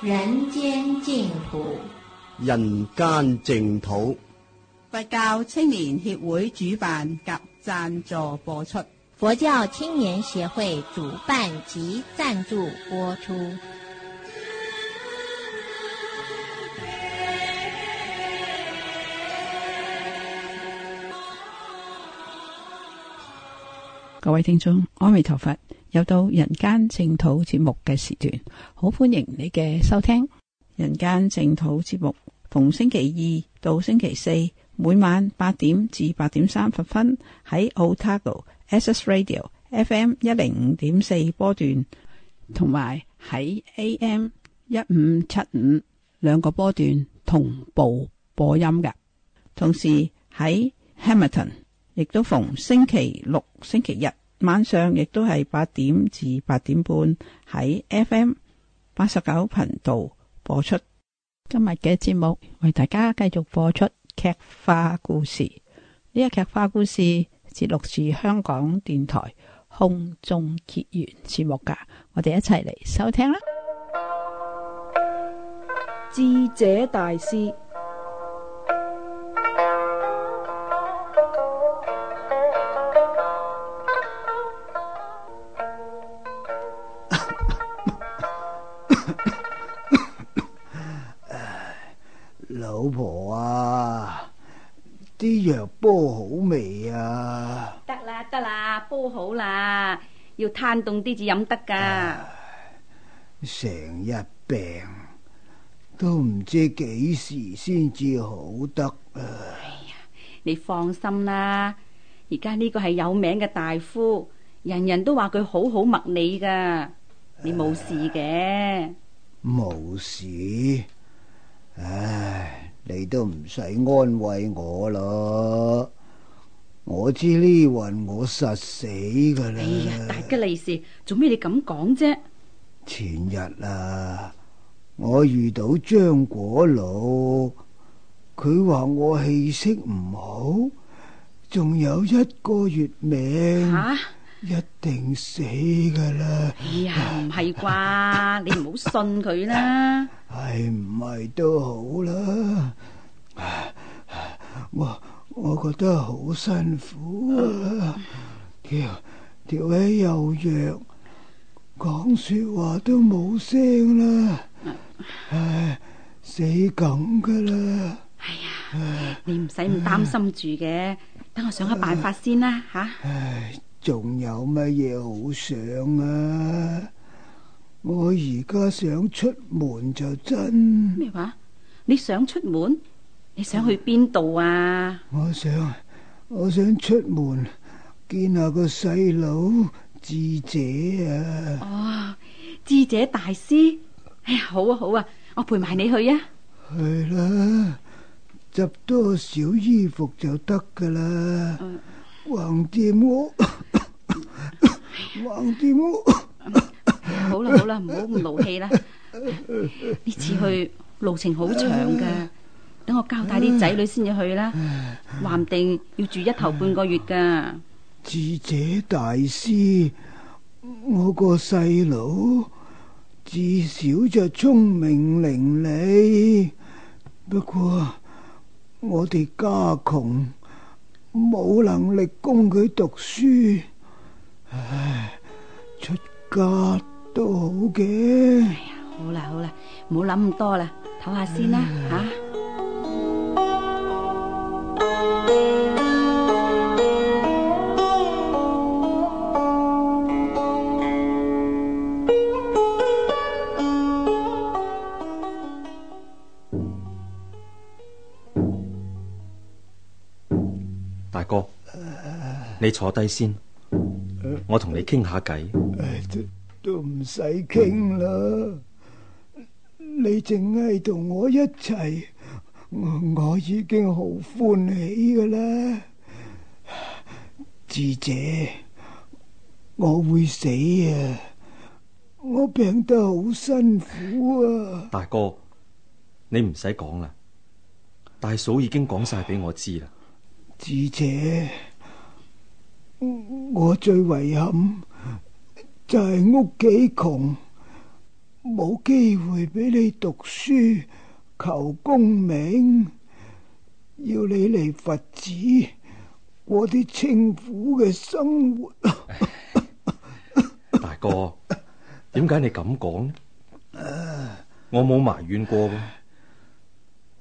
人間淨土，人間淨土。佛教青年協會主辦及贊助播出。佛教青年協會主辦及贊助播出。各位聽眾，阿彌陀佛。又到人間淨土節目嘅時段，好歡迎你嘅收聽人間淨土節目。逢星期二到星期四，每晚八點至八點三十分喺 Otago Access Radio FM 一零五點四波段，同埋喺 AM 一五七五兩個波段同步播音嘅。同時喺 Hamilton，亦都逢星期六、星期日。晚上亦都係八點至八點半喺 FM 八十九頻道播出。今日嘅節目，為大家繼續播出劇化故事。呢個劇化故事節錄自香港電台空中結緣節目㗎，我哋一齊嚟收聽啦！智者大師。慳凍啲至飲得噶，成日、啊、病都唔知幾時先至好得啊、哎！你放心啦，而家呢個係有名嘅大夫，人人都話佢好好脈理噶，你冇事嘅。冇、啊、事，唉、哎，你都唔使安慰我咯。我知呢運我實死噶啦。哎呀，大吉利是，做咩你咁講啫？前日啊，我遇到張果老，佢話我氣息唔好，仲有一個月命，吓，一定死噶啦。哎呀，唔係啩？你唔好信佢啦。係唔係都好啦？我。我覺得好辛苦啊！嗯、跳跳起又弱，講說話都冇聲啦，唉，唉，死梗噶啦！哎呀唉，唉你唔使咁擔心住嘅，等唉我想個辦法先啦，吓！唉，仲有乜嘢好想啊？我而家想出門就真。咩話？你想出門？你想去邊度啊?我想,我想出門,見下個細佬,智者啊。哦,智者大師?哎呀,好啊,好啊,我陪埋你去啊。去啦,執多少衣服就得㗎啦。橫掂喎,橫掂喎。嗯,嗯,嗯, 好啊, 唔好咁勞氣啦,呢次去路程好長㗎等我交代啲仔女先至去啦，話唔定要住一頭半個月噶。智者大師，我個細佬自小就聰明伶俐，不過我哋家窮，冇能力供佢讀書，唉，出家都好嘅。哎呀，好啦好啦，唔好諗咁多啦，唞下先啦吓。你坐低先，我同你傾下偈。都唔使傾啦，嗯、你淨係同我一齊，我已經好歡喜噶啦。智者，我會死啊！我病得好辛苦啊！大哥，你唔使講啦，大嫂已經講晒俾我知啦。智者。我最遺憾就係屋企窮，冇機會俾你讀書求功名，要你嚟佛寺過啲清苦嘅生活。大哥，點解你咁講呢？我冇埋怨過嘅，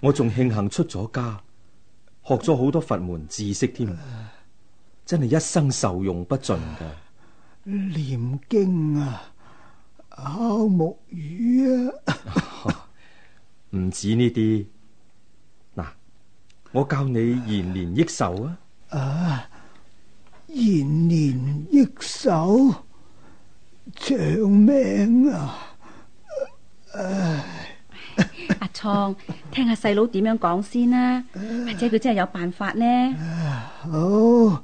我仲慶幸出咗家，學咗好多佛門知識添。真係一生受用不盡嘅《念經》啊，啊《敲木魚》啊，唔、 哦、止呢啲。嗱，我教你延年益壽啊，啊！啊，延年益壽，長命啊！阿 創、啊，聽下細佬點樣講先啦，啊，或者佢真係有辦法呢？啊、好。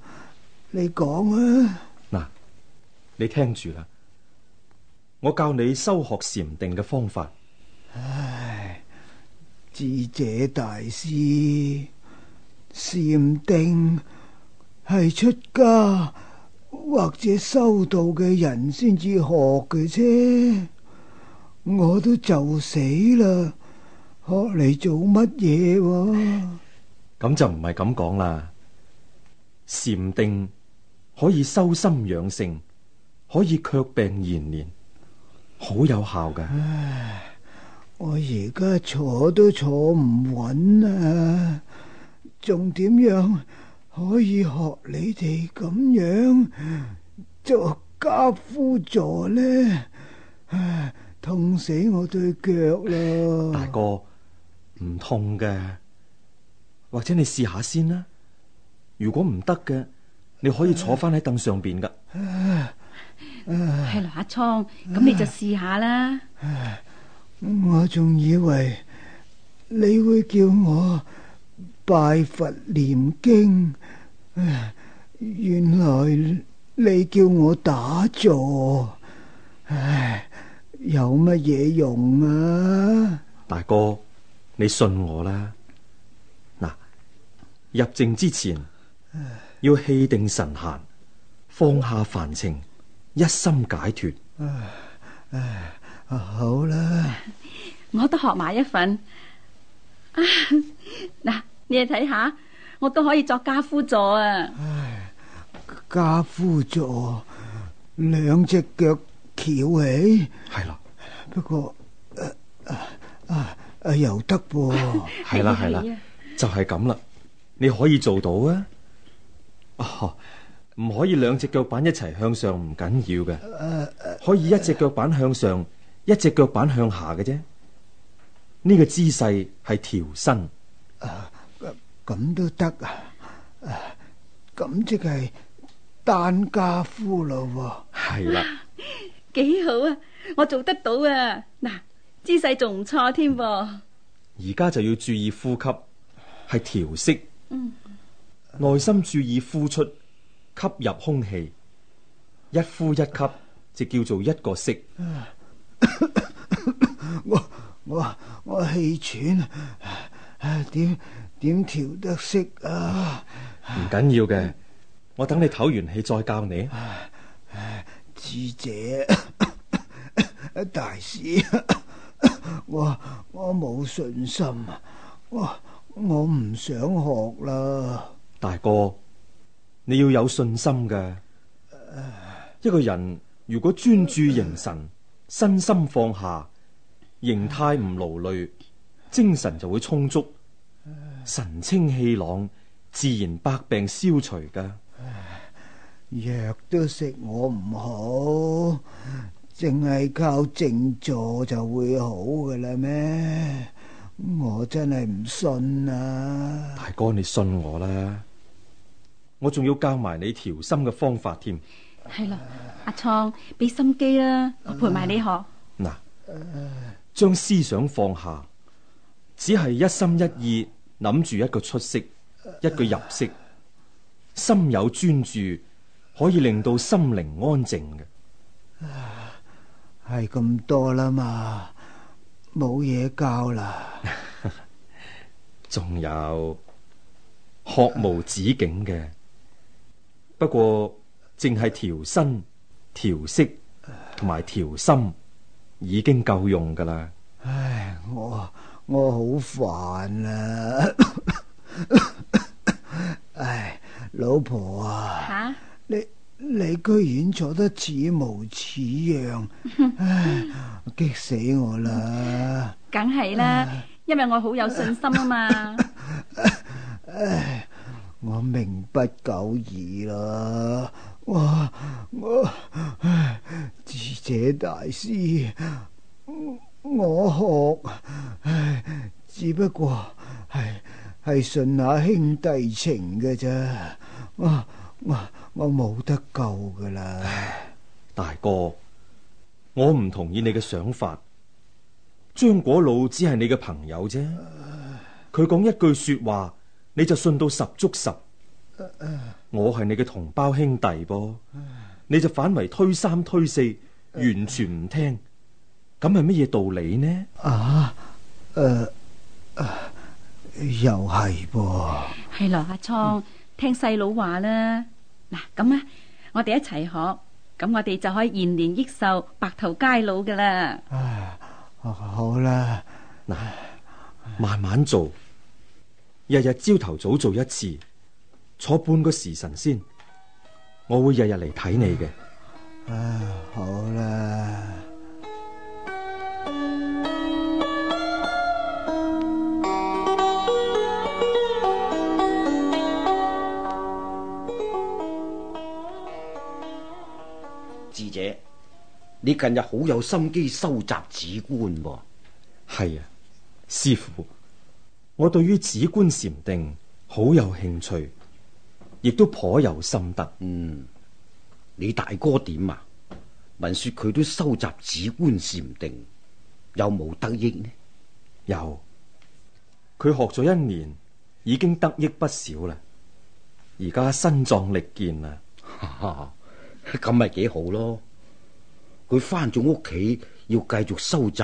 你講啊！嗱，你聽住啦，我教你修學禪定嘅方法。唉，智者大師，禪定係出家或者修道嘅人先至學嘅啫。我都就死啦，學嚟做乜嘢喎？咁就唔係咁講啦，禪定。可以修心養性，可以卻病延年，好有效㗎。唉，我而家坐都坐唔穩啊！仲點樣可以學你哋咁樣做家夫助呢？唉，痛死我對腳啦！大哥，唔痛嘅，或者你試下先啦。如果唔得嘅。你可以坐翻喺凳上邊噶，係羅阿倉，咁你就試下啦。我仲以為你會叫我拜佛念經，原來你叫我打坐，唉，有乜嘢用啊？大哥，你信我啦，嗱，入靜之前。要氣定神閒，放下凡情，一心解脫。唉，好啦，我都學埋一份。嗱，你哋睇下，我都可以作家夫座啊。唉，家夫座，兩隻腳翹起。係啦，啊，不過誒又得喎，啊。係啦係啦，就係咁啦，你可以做到啊。哦，唔可以兩隻腳板一齊向上，唔緊要嘅，可以一隻腳板向上，一隻腳板向下嘅啫。呢個姿勢係調身，誒，咁都得啊，咁即係單家夫咯，係啦，幾好啊，我做得到啊，嗱，姿勢仲唔錯添噃，而家就要注意呼吸，係調息，嗯。內心注意呼出，吸入空氣，一呼一吸就叫做一個息 我我我氣喘，點點調得息啊？唔緊要嘅，我等你唞完氣再教你。 智者 大師使， 我我冇信心，我我唔想學啦。大哥，你要有信心㗎。呃、一個人如果專注凝神，呃、身心放下，形態唔勞累，呃、精神就會充足，呃、神清氣朗，自然百病消除噶。藥、呃、都食我唔好，淨係靠靜坐就會好㗎啦咩？我真係唔信啊！大哥，你信我啦。我仲要教埋你調心嘅方法添。係啦、啊，阿創俾心機啦，我陪埋你學。嗱、啊，將思想放下，只係一心一意諗住、啊、一個出息，啊、一個入息，心有專注，可以令到心靈安靜嘅。係咁、啊、多啦嘛，冇嘢教啦。仲 有學無止境嘅。不過，淨係調身、調色同埋調心已經夠用噶啦。唉，我我好煩啊！ 唉，老婆啊，吓、啊、你你居然坐得似模似樣，唉激死我啦！梗係啦，唉因為我好有信心啊嘛。唉。唉我命不久矣啦！我我智者大師，我，我學唉，只不過係係信下兄弟情嘅啫。我我冇得救噶啦！大哥，我唔同意你嘅想法。張果老只係你嘅朋友啫，佢講一句說話。你就信到十足十，我係你嘅同胞兄弟噃，你就反為推三推四，完全唔聽，咁係乜嘢道理呢？啊，誒又係噃，係羅阿蒼聽細佬話啦。嗱，咁啊，我哋一齊學，咁我哋就可以延年益壽、白頭偕老㗎啦。啊，好啦，嗱，慢慢做。日日朝頭早做一次，坐半個時辰先。我會日日嚟睇你嘅。唉，好啦。智者，你近日好有心機收集指官噃？係啊，師傅。我對於止觀禪定好有興趣，亦都頗有心得。嗯，你大哥點啊？聞說佢都收集止觀禪定，有冇得益呢？有，佢學咗一年，已經得益不少啦。而家身壯力健啊，咁咪幾好咯。佢返咗屋企，要繼續收集，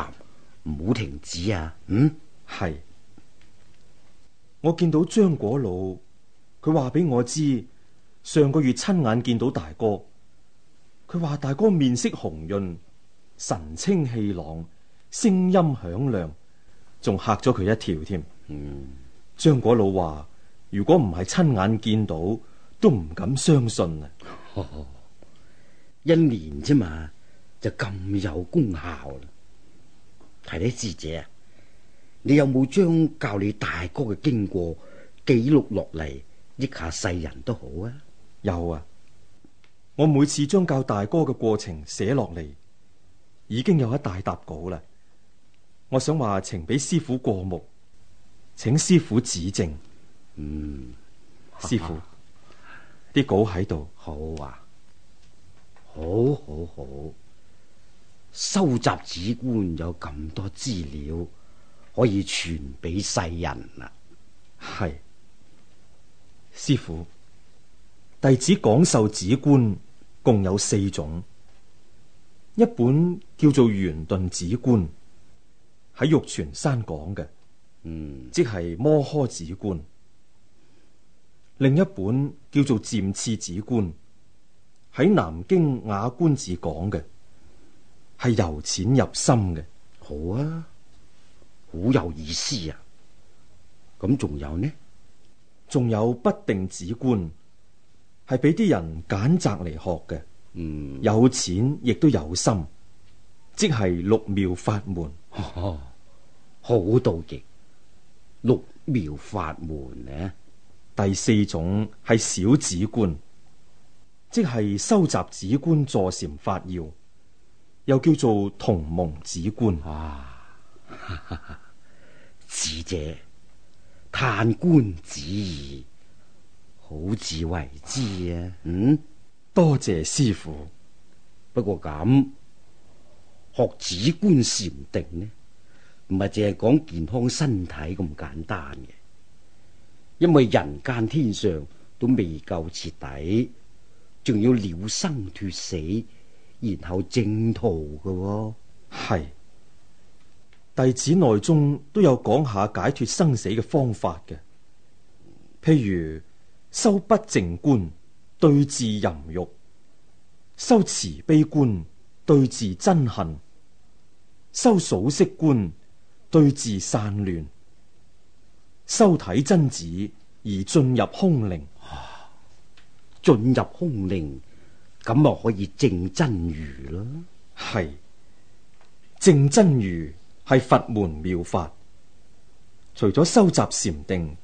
唔好停止啊。嗯，係。我見到張果老，佢話俾我知，上個月親眼見到大哥，佢話大哥面色紅潤，神清氣朗，聲音響亮，仲嚇咗佢一跳添。嗯、張果老話：如果唔係親眼見到，都唔敢相信啊、哦！一年啫嘛，就咁有功效啦，係你智者啊！你有冇將教你大哥嘅經過記錄落嚟，益下世人都好啊？有啊，我每次將教大哥嘅過程寫落嚟，已經有一大沓稿啦。我想話呈俾師傅過目，請師傅指正。嗯，師傅父，啲 稿喺度，好啊，好好好，收集指官有咁多資料。可以傳俾世人啦，係師父弟子講授子觀共有四種，一本叫做圓頓子觀喺玉泉山講嘅，嗯，即係摩訶子觀；另一本叫做漸次子觀喺南京瓦官寺講嘅，係由淺入深嘅。好啊。好有意思啊！咁仲有呢？仲有不定止觀，係俾啲人揀擇嚟學嘅。嗯，有錢亦都有心，即係六妙法門，呵呵好到極。六妙法門呢、啊？第四種係小止觀，即係修習止觀坐禪法要，又叫做童蒙止觀。啊哈哈，智者嘆觀止矣，好自為之啊！嗯，多謝師父。不過咁，學止觀禪定呢，唔係淨係講健康身體咁簡單嘅，因為人間天上都未夠徹底，仲要了生脫死，然後正途嘅喎。係。弟子內中都有講下解脫生死嘅方法嘅，譬如修不淨觀對治淫欲，修慈悲觀對治憎恨，修數息觀對治散亂，修體真子而進入空靈，進、啊、入空靈咁啊可以正真如啦，係正真如。係佛門妙法，除咗收集禪定，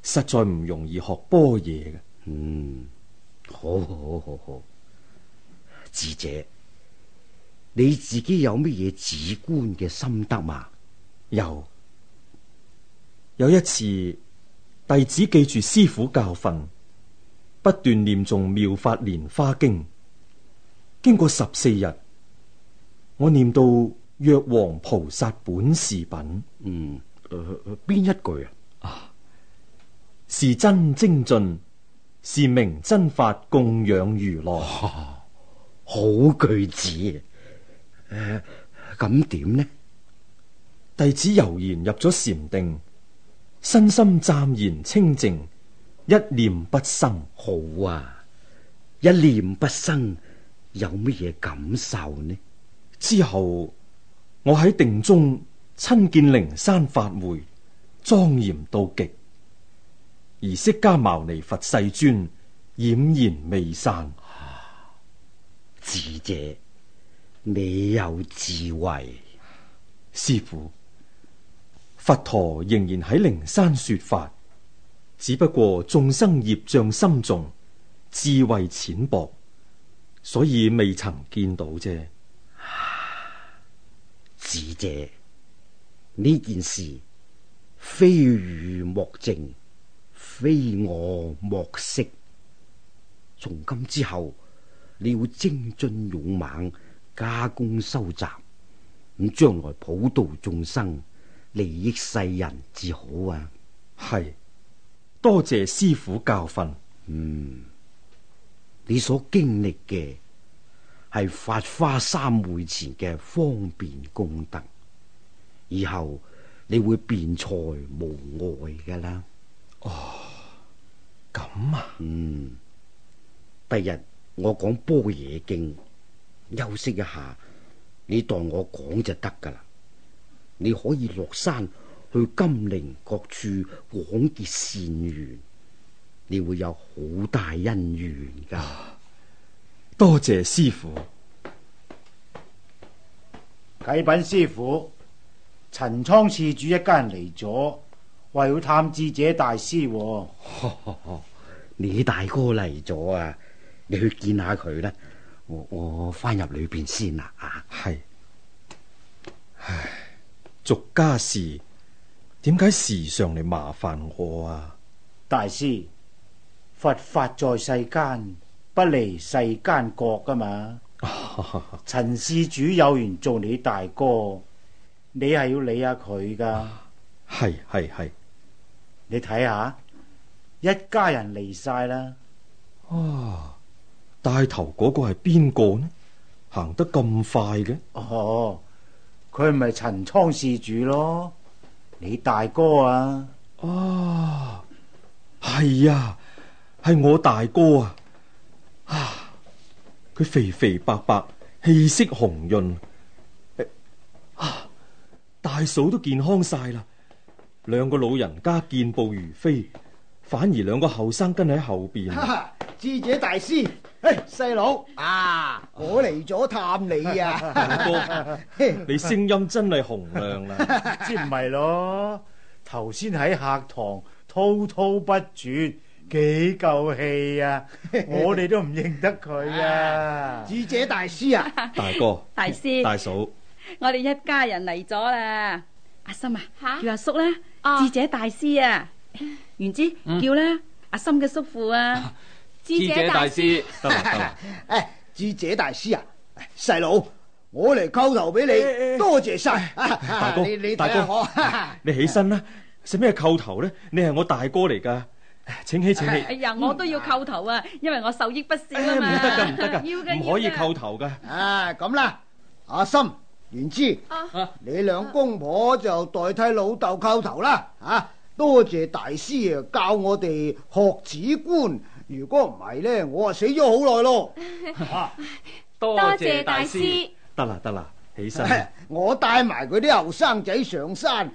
實在唔容易學般若嘅。嗯，好好好好好，智者，你自己有乜嘢止觀嘅心得呀？有，有一次弟子記住師父教訓，不斷念誦《妙法蓮花經》，經過十四日，我念到。藥王菩薩本事品，嗯，邊、呃、一句啊？啊，是真精進，是名真法供養如來，啊，好句子，啊。誒、啊，咁點呢？弟子悠然入咗禪定，身心湛然清淨，一念不生，好啊！一念不生，有乜嘢感受呢？之後。我喺定中親見靈山法會莊嚴到極，而釋迦牟尼佛世尊儼然未散。啊，智者，你有智慧，師父，佛陀仍然喺靈山說法，只不過眾生業障深重，智慧淺薄，所以未曾見到啫。.子者，呢件事，非汝莫正，非我莫惜。從今之後，你要精進勇猛，加功修習，咁將來普度眾生，利益世人，至好啊！係多謝師父教訓。嗯，你所經歷嘅。係發花三會前嘅方便功德，以後你會辯才無礙噶啦。哦，咁啊，嗯，第日我講般若經，休息一下，你當我講就得噶啦。你可以落山去金陵各處廣結善緣，你會有好大因緣噶。哦多謝師父。啟稟師父，陳倉事主一家人嚟咗，為要探智者大師。 你大哥嚟咗啊？你去見下佢啦。我我返入裏邊先啦。係，唉，俗家事點解時常嚟麻煩我啊？大師，佛法在世間，不離世間國噶嘛？陳事 主有緣做你大哥，你係要理下佢噶。係係係，你睇下，一家人嚟晒啦。啊、哦，帶頭嗰個係邊個呢？行得咁快嘅哦，佢係咪陳倉事主咯？你大哥啊？哦、啊，係啊，係我大哥啊。啊！佢肥肥白白，氣色紅潤，啊！大嫂都健康晒啦，兩個老人家健步如飛，反而兩個後生跟喺後邊。智者大師，誒，細佬啊，我嚟咗探你啊！你聲音真係洪亮啦， 知唔係咯？頭先喺客堂滔滔不絕。幾夠氣啊！我哋都唔認得佢啊！智者大師啊，大哥，大師，大嫂，我哋一家人嚟咗啦。阿心啊，叫阿叔啦。智者大師啊，元之叫啦。阿心嘅叔父啊，智者大師。誒，智者大師啊，細佬，我嚟叩頭俾你，多謝晒。大哥，大哥，你起身啦。使咩叩頭咧？你係我大哥嚟噶。請起，請起，請起！哎呀，我都要叩頭啊，啊因為我受益不少啊嘛。唔得噶，唔得噶，唔的可以叩頭噶。的啊，咁啦，阿心、言之，啊、你兩公婆、啊、就代替老豆叩頭啦。啊，多謝大師啊教我哋學子觀。如果唔係咧，我死啊死咗好耐咯。多謝大師。得啦，得啦，起身。啊、我帶埋佢啲後生仔上山。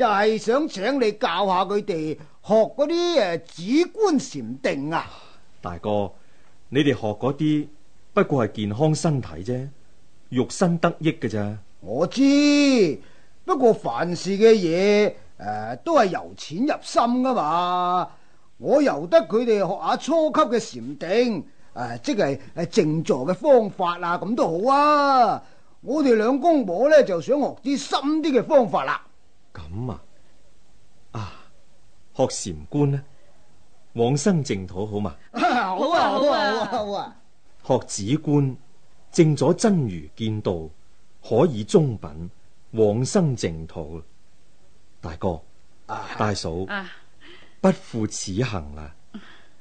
就係想請你教下佢哋學嗰啲誒止觀禪定啊！大哥，你哋學嗰啲不過係健康身體啫，肉身得益嘅咋？我知，不過凡事嘅嘢誒都係由淺入深啊嘛！我由得佢哋學下初級嘅禪定誒、呃，即係誒靜坐嘅方法啊，咁都好啊！我哋兩公婆咧就想學啲深啲嘅方法啦。咁啊！啊，學禪觀呢？往生淨土好嘛，啊？好啊，好啊，好啊！好啊好啊學止觀，證咗真如見道，可以中品往生淨土。大哥，啊、大嫂，啊啊、不負此行啦，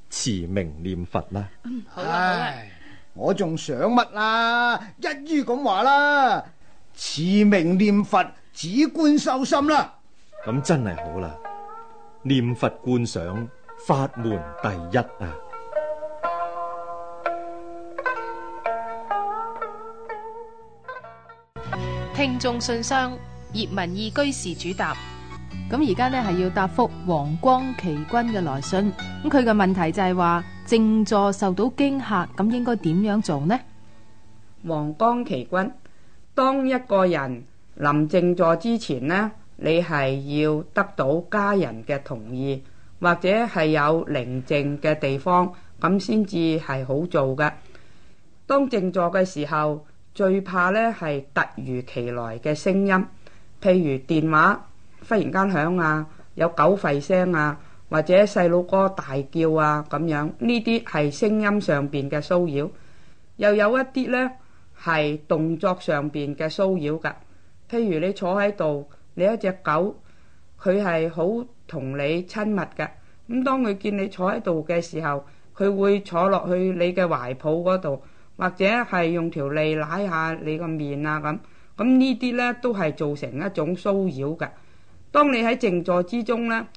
持名念佛啦、嗯。好，啊好，啊好啊，唉我仲想乜啦，啊？一於咁話啦，持名念佛。止觀修心啦，咁真係好啦！念佛觀想，法門第一啊！聽眾信箱，葉文義居士主答。咁而家呢係要答覆黃光奇君嘅來信。咁佢嘅問題就係話，正坐受到驚嚇，咁應該點樣做呢？黃光奇君，當一個人。臨靜坐之前呢，你係要得到家人嘅同意，或者係有寧靜嘅地方咁先至係好做嘅。當靜坐嘅時候，最怕呢係突如其來嘅聲音，譬如電話忽然間響啊，有狗吠聲啊，或者細路哥大叫啊咁樣，呢啲係聲音上面嘅騷擾。又有一啲呢係動作上面嘅騷擾嘅。譬如你坐喺度，你一隻狗，佢係好同你親密嘅。咁當佢見你坐喺度嘅時候，佢會坐落去你嘅懷抱嗰度，或者係用條脷舐下你個面啊咁。咁呢啲呢，都係造成一種騷擾嘅。當你喺靜坐之中呢，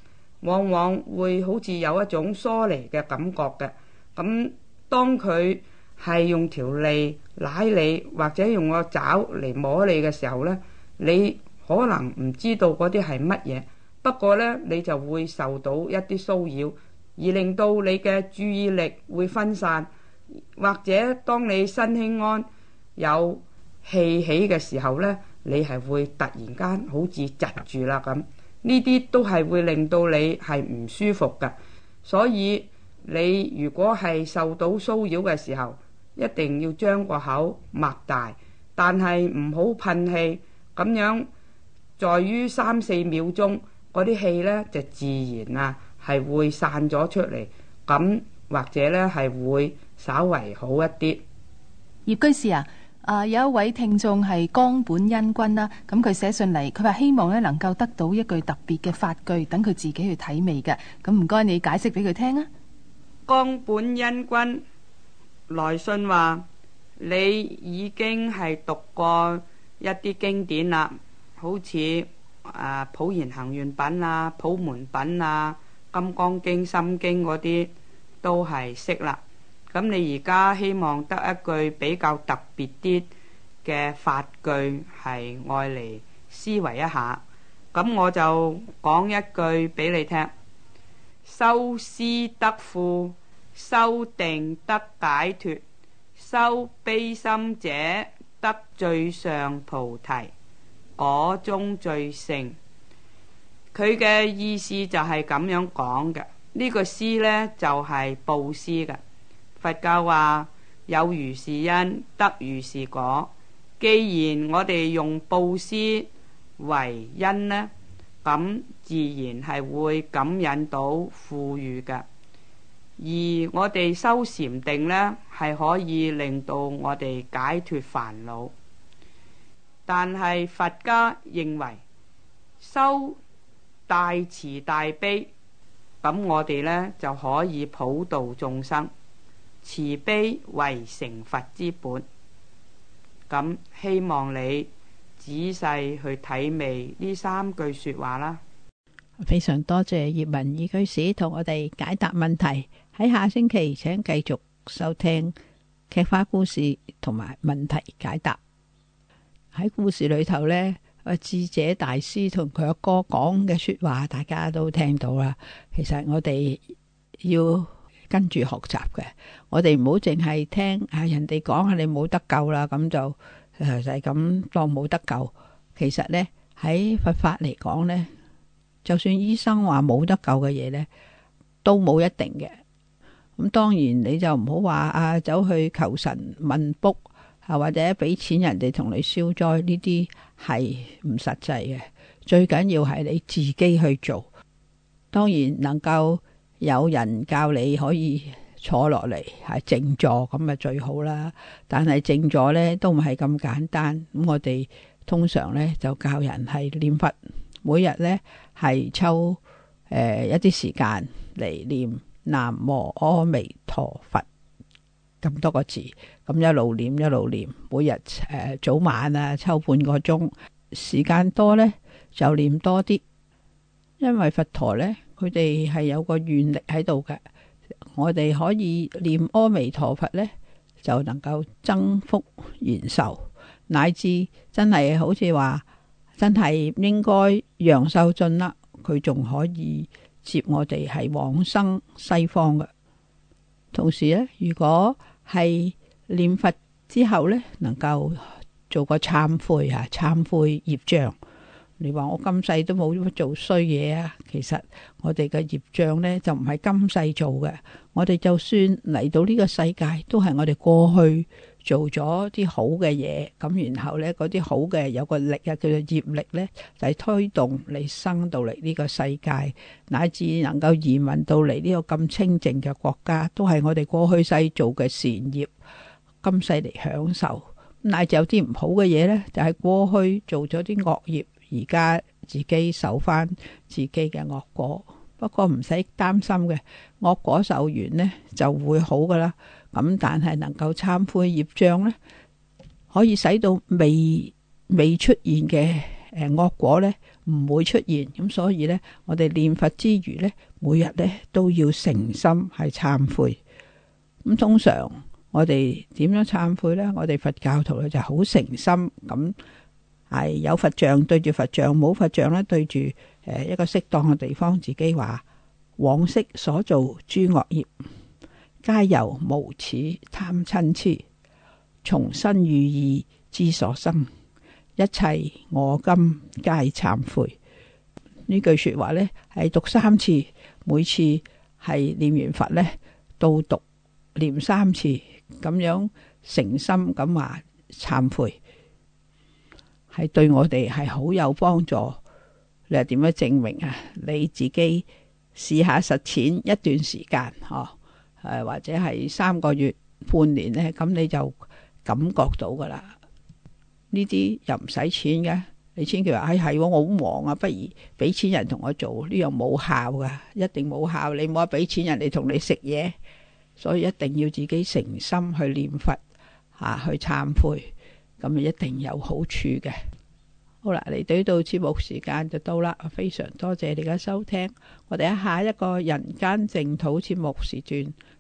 往往會好似有一種疏離嘅感覺嘅。咁當佢係用條脷舐你，或者用個爪嚟摸你嘅時候呢。你可能唔知道嗰啲係乜嘢，不過咧，你就會受到一啲騷擾，而令到你嘅注意力會分散，或者當你身興安有氣起嘅時候咧，你係會突然間好似窒住啦咁。呢啲都係會令到你係唔舒服噶，所以你如果係受到騷擾嘅時候，一定要將個口擘大，但係唔好噴氣。咁樣，在於三四秒鐘，嗰啲氣呢就自然啊，係會散咗出嚟，咁或者呢係會稍為好一啲。葉居士啊，啊有一位聽眾係江本恩君啦，咁佢寫信嚟，佢話希望呢能夠得到一句特別嘅法句，等佢自己去體味嘅。咁唔該你解釋俾佢聽啊。江本恩君來信話：你已經係讀過。一啲經典啦、啊，好似啊普賢行願品啊、普門品啊、《金剛經》《心經》嗰啲都係識啦。咁、嗯、你而家希望得一句比較特別啲嘅法句，係愛嚟思維一下。咁、嗯、我就講一句俾你聽：修施得富，修定得解脱，修悲心者。得最上菩提果中最勝。佢嘅意思就係咁樣講嘅。呢、這個施呢，就係布施嘅。佛教話有如是因得如是果，既然我哋用布施為因呢，咁自然係會感應到富裕嘅。而我哋修禪定呢。係可以令到我哋解脱煩惱，但係佛家認為修大慈大悲，咁我哋呢就可以普渡眾生，慈悲為成佛之本。咁希望你仔細去體味呢三句說話啦。非常多謝葉文二居士同我哋解答問題。喺下星期，請繼續。收聽劇化故事同埋問題解答。喺故事裏頭呢，啊智者大師同佢阿哥講嘅說話，大家都聽到啦。其實我哋要跟住學習嘅，我哋唔好淨係聽啊人哋講，你冇得救啦，咁就就係咁當冇得救。其實呢喺佛法嚟講呢，就算醫生話冇得救嘅嘢呢，都冇一定嘅。咁當然你就唔好話啊，走去求神問卜，啊或者俾錢人哋同你消災，呢啲係唔實際嘅。最緊要係你自己去做。當然能夠有人教你可以坐落嚟係靜坐，咁啊最好啦。但係靜坐呢都唔係咁簡單。咁我哋通常呢就教人係念佛，每日呢係抽誒一啲時間嚟念。南無阿彌陀佛，咁多個字，咁一路念一路念，每日誒、呃、早晚啊抽半個鐘，時間多呢，就念多啲，因為佛陀呢，佢哋係有個願力喺度嘅，我哋可以念阿彌陀佛呢，就能夠增福延壽，乃至真係好似話真係應該陽壽盡啦，佢仲可以。接我哋係往生西方嘅，同時咧，如果係念佛之後咧，能夠做個懺悔啊，懺悔業障。你話我今世都冇做衰嘢啊，其實我哋嘅業障呢，就唔係今世做嘅，我哋就算嚟到呢個世界，都係我哋過去做咗啲好嘅嘢，咁然後咧，嗰啲好嘅有個力啊，叫做業力咧，就係推動你生到嚟呢個世界，乃至能夠移民到嚟呢個咁清靜嘅國家，都係我哋過去世做嘅善業，今世嚟享受。咁，乃至有啲唔好嘅嘢咧，就係過去做咗啲惡業，而家自己受返自己嘅惡果。不過唔使擔心嘅，惡果受完咧就會好噶啦。咁但係能夠懺悔業障呢，可以使到未未出現嘅誒惡果呢，唔會出現。咁所以呢，我哋念佛之餘呢，每日呢都要誠心係懺悔。咁通常我哋點樣懺悔呢？我哋佛教徒咧就好誠心，咁係有佛像對住佛像，冇佛像呢對住誒一個適當嘅地方，自己話往昔所造諸惡業。皆由無始貪嗔痴，從身語意之所生，一切我今皆懺悔。呢句說話呢係讀三次，每次係念完佛呢都讀念三次，咁樣誠心咁話懺悔，係對我哋係好有幫助。你係點樣證明啊？你自己試下實踐一段時間，嗬。誒，或者係三個月、半年呢，咁你就感覺到噶啦。呢啲又唔使錢嘅，你千祈話哎係我好忙啊，不如俾錢人同我做呢樣冇效噶，一定冇效。你唔好俾錢人哋同你食嘢，所以一定要自己誠心去念佛，吓、啊、去懺悔，咁啊一定有好處嘅。好啦，嚟到節目時間就到啦，非常多謝你嘅收聽，我哋下一個人間淨土節目時段。